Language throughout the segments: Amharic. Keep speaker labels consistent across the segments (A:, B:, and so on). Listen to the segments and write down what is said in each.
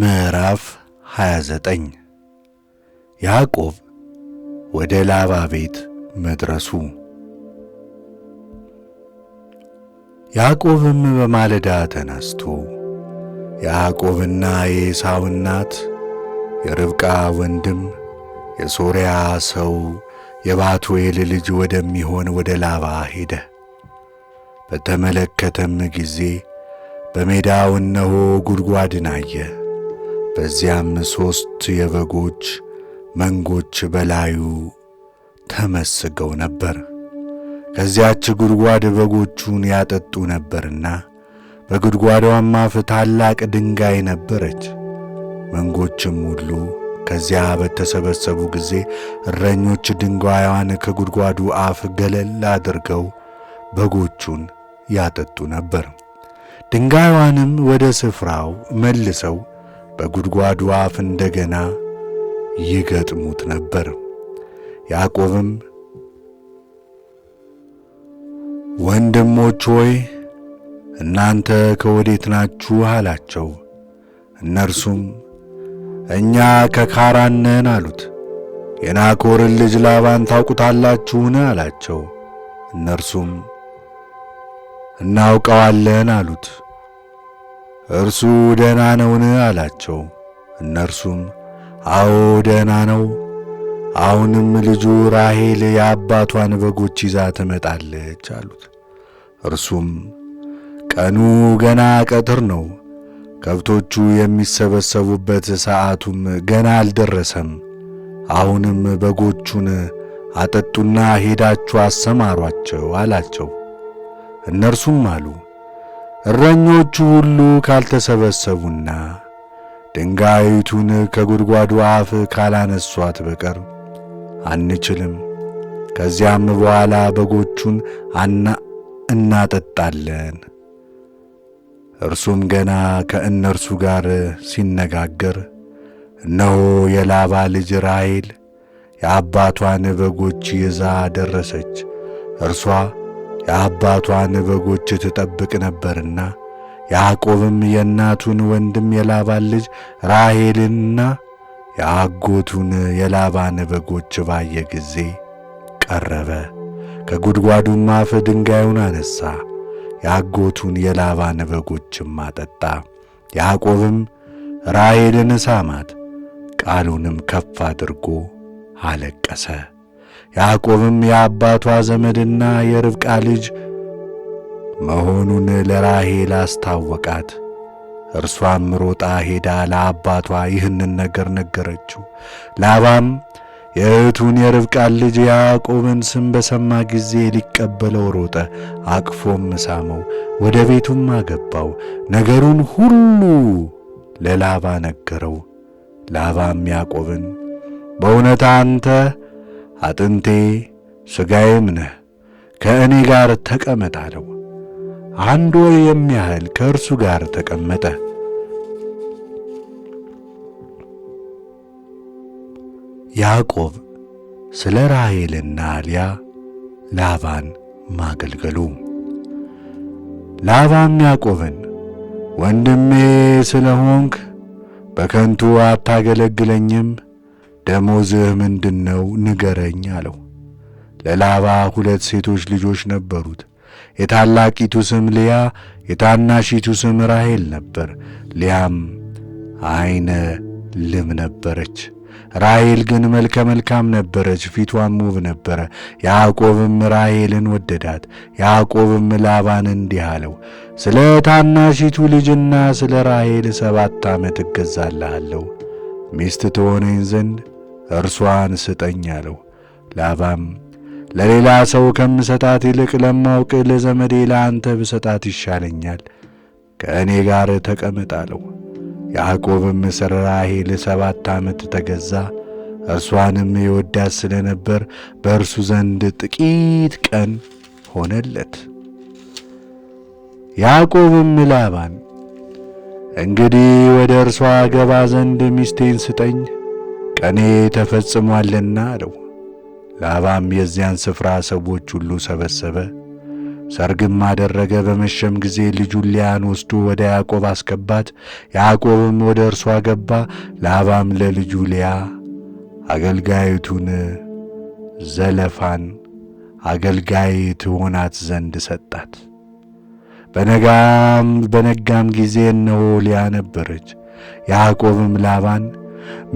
A: ምዕራፍ 29 ያዕቆብ ወደ ላባ ቤት መድረሱ። ያዕቆብም በማለዳ ተነስቶ ያዕቆብና የኤሳው እናት የርብቃ ወንድም የሶርያ ሰው የባቱኤል ልጅ ወደሚሆን ወደ ላባ ሄደ። በተመለከተም ጊዜ በሜዳው እነሆ ጉድጓድን አየ። በዚያም ሦስት የበጎች መንጎች በላዩ ተመስገው ነበር። ከዚያች ጉድጓድ በጎቹን ያጠጡ ነበርና በጉድጓዷም አፍ ታላቅ ድንጋይ ነበረች። መንጎችም ሁሉ ከዚያ በተሰበሰቡ ጊዜ እረኞች ድንጋዩን ከጉድጓዱ አፍ ገለል አድርገው በጎቹን ያጠጡ ነበር። ድንጋዩንም ወደ ስፍራው መልሰው በጉድጓዱ አፍ እንደገና ይገጥሙት ነበር። ያዕቆብም ወንድሞች ሆይ እናንተ ከወዴት ናችሁ? አላቸው። እነርሱም እኛ ከካራን ነን አሉት። የናኮርን ልጅ ላባን ታውቁታላችሁን? አላቸው። እነርሱም እናውቀዋለን አሉት። እርሱ ደህና ነውን? አላቸው። እነርሱም አዎ ደህና ነው። አሁንም ልጁ ራሄል የአባቷን በጎች ይዛ ትመጣለች አሉት። እርሱም ቀኑ ገና ቀትር ነው፣ ከብቶቹ የሚሰበሰቡበት ሰዓቱም ገና አልደረሰም። አሁንም በጎቹን አጠጡና ሄዳችሁ አሰማሯቸው አላቸው። እነርሱም አሉ እረኞቹ ሁሉ ካልተሰበሰቡና ድንጋይቱን ከጉድጓዱ አፍ ካላነሷት በቀር አንችልም። ከዚያም በኋላ በጎቹን አና እናጠጣለን። እርሱም ገና ከእነርሱ ጋር ሲነጋገር እነሆ የላባ ልጅ ራሔል የአባቷን በጎች ይዛ ደረሰች። እርሷ የአባቷን በጎች ትጠብቅ ነበርና ያዕቆብም የእናቱን ወንድም የላባን ልጅ ራሔልንና የአጎቱን የላባን በጎች ባየ ጊዜ ቀረበ፣ ከጉድጓዱም አፈ ድንጋዩን አነሳ፣ የአጎቱን የላባን በጎችም አጠጣ። ያዕቆብም ራሔልን ሳማት፣ ቃሉንም ከፍ አድርጎ አለቀሰ። ያዕቆብም የአባቷ ዘመድና የርብቃ ልጅ መሆኑን ለራሄል አስታወቃት። እርሷም ሮጣ ሄዳ ለአባቷ ይህንን ነገር ነገረችው። ላባም የእህቱን የርብቃን ልጅ የያዕቆብን ስም በሰማ ጊዜ ሊቀበለው ሮጠ፣ አቅፎም ሳመው፣ ወደ ቤቱም አገባው። ነገሩን ሁሉ ለላባ ነገረው። ላባም ያዕቆብን በእውነት አንተ አጥንቴ ሥጋዬም ነህ፣ ከእኔ ጋር ተቀመጥ አለው። አንድ ወር የሚያህል ከእርሱ ጋር ተቀመጠ። ያዕቆብ ስለ ራሔልና ልያ ላባን ማገልገሉ። ላባም ያዕቆብን ወንድሜ ስለ ሆንክ በከንቱ አታገለግለኝም ደሞዝህ ምንድን ነው ንገረኝ አለው። ለላባ ሁለት ሴቶች ልጆች ነበሩት። የታላቂቱ ስም ልያ፣ የታናሺቱ ስም ራሔል ነበር። ልያም አይነ ልም ነበረች። ራሔል ግን መልከ መልካም ነበረች፣ ፊቷም ውብ ነበረ። ያዕቆብም ራሔልን ወደዳት። ያዕቆብም ላባን እንዲህ አለው፣ ስለ ታናሺቱ ልጅና ስለ ራሔል ሰባት ዓመት እገዛልሃለሁ ሚስት ትሆነኝ ዘንድ እርሷን ስጠኝ አለው። ላባም ለሌላ ሰው ከምሰጣት ይልቅ ለማውቅ ለዘመዴ ለአንተ ብሰጣት ይሻለኛል፣ ከእኔ ጋር ተቀመጥ አለው። ያዕቆብም ስለ ራሔል ሰባት ዓመት ተገዛ። እርሷንም የወዳት ስለ ነበር በእርሱ ዘንድ ጥቂት ቀን ሆነለት። ያዕቆብም ላባን እንግዲህ ወደ እርሷ ገባ ዘንድ ሚስቴን ስጠኝ ቀኔ ተፈጽሟልና አለው። ላባም የዚያን ስፍራ ሰዎች ሁሉ ሰበሰበ፣ ሰርግም አደረገ። በመሸም ጊዜ ልጁን ሊያን ወስዶ ወደ ያዕቆብ አስገባት። ያዕቆብም ወደ እርሷ ገባ። ላባም ለልጁ ሊያ አገልጋይቱን ዘለፋን አገልጋይ ትሆናት ዘንድ ሰጣት። በነጋም በነጋም ጊዜ እነሆ ሊያ ነበረች። ያዕቆብም ላባን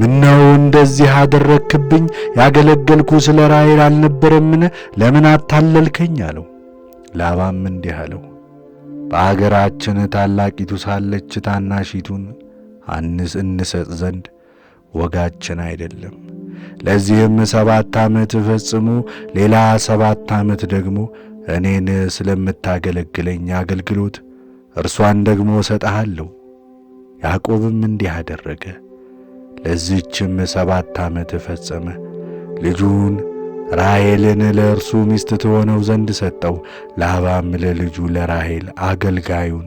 A: ምነው እንደዚህ አደረግክብኝ? ያገለገልኩ ስለ ራሔል አልነበረምን? ለምን አታለልከኝ? አለው። ላባም እንዲህ አለው፣ በአገራችን ታላቂቱ ሳለች ታናሺቱን አንስ እንሰጥ ዘንድ ወጋችን አይደለም። ለዚህም ሰባት ዓመት ፈጽሙ፣ ሌላ ሰባት ዓመት ደግሞ እኔን ስለምታገለግለኝ አገልግሎት እርሷን ደግሞ እሰጥሃለሁ። ያዕቆብም እንዲህ አደረገ። ለዚችም ሰባት ዓመት ፈጸመ። ልጁን ራሔልን ለእርሱ ሚስት ትሆነው ዘንድ ሰጠው። ላባም ለልጁ ለራሔል አገልጋዩን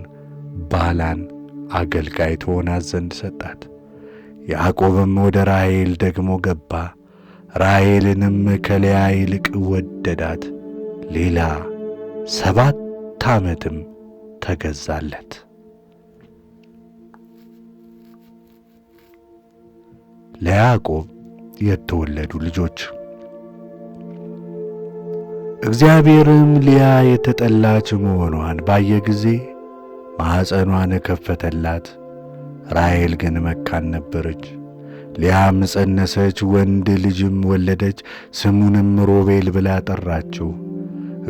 A: ባላን አገልጋይ ትሆናት ዘንድ ሰጣት። ያዕቆብም ወደ ራሔል ደግሞ ገባ። ራሔልንም ከልያ ይልቅ ወደዳት። ሌላ ሰባት ዓመትም ተገዛለት። ለያዕቆብ የተወለዱ ልጆች። እግዚአብሔርም ልያ የተጠላች መሆኗን ባየ ጊዜ ማኅፀኗን ከፈተላት፣ ራሔል ግን መካን ነበረች። ልያም ጸነሰች፣ ወንድ ልጅም ወለደች። ስሙንም ሮቤል ብላ ጠራችው፣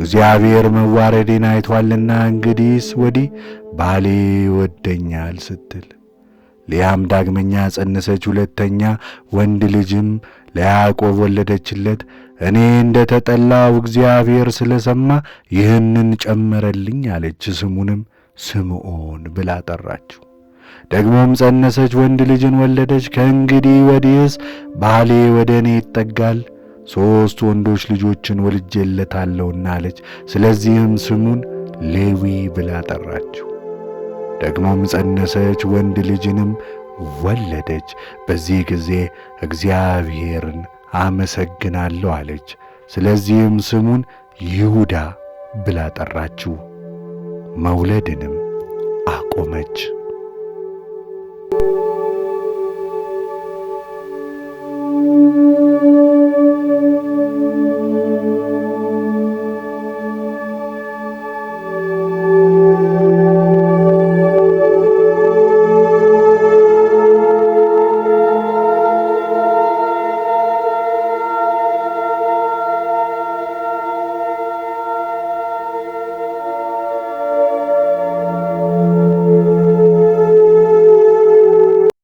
A: እግዚአብሔር መዋረዴን አይቶአልና እንግዲህስ ወዲህ ባሌ ይወደኛል ስትል ሊያም ዳግመኛ ጸነሰች፣ ሁለተኛ ወንድ ልጅም ለያዕቆብ ወለደችለት። እኔ እንደ ተጠላው እግዚአብሔር ስለ ሰማ ይህንን ጨመረልኝ አለች። ስሙንም ስምዖን ብላ ጠራችው። ደግሞም ጸነሰች፣ ወንድ ልጅን ወለደች። ከእንግዲህ ወዲህስ ባሌ ወደ እኔ ይጠጋል ሦስት ወንዶች ልጆችን ወልጄለታለሁና አለች። ስለዚህም ስሙን ሌዊ ብላ ጠራችው። ደግሞም ጸነሰች፣ ወንድ ልጅንም ወለደች። በዚህ ጊዜ እግዚአብሔርን አመሰግናለሁ አለች። ስለዚህም ስሙን ይሁዳ ብላ ጠራችው። መውለድንም አቆመች።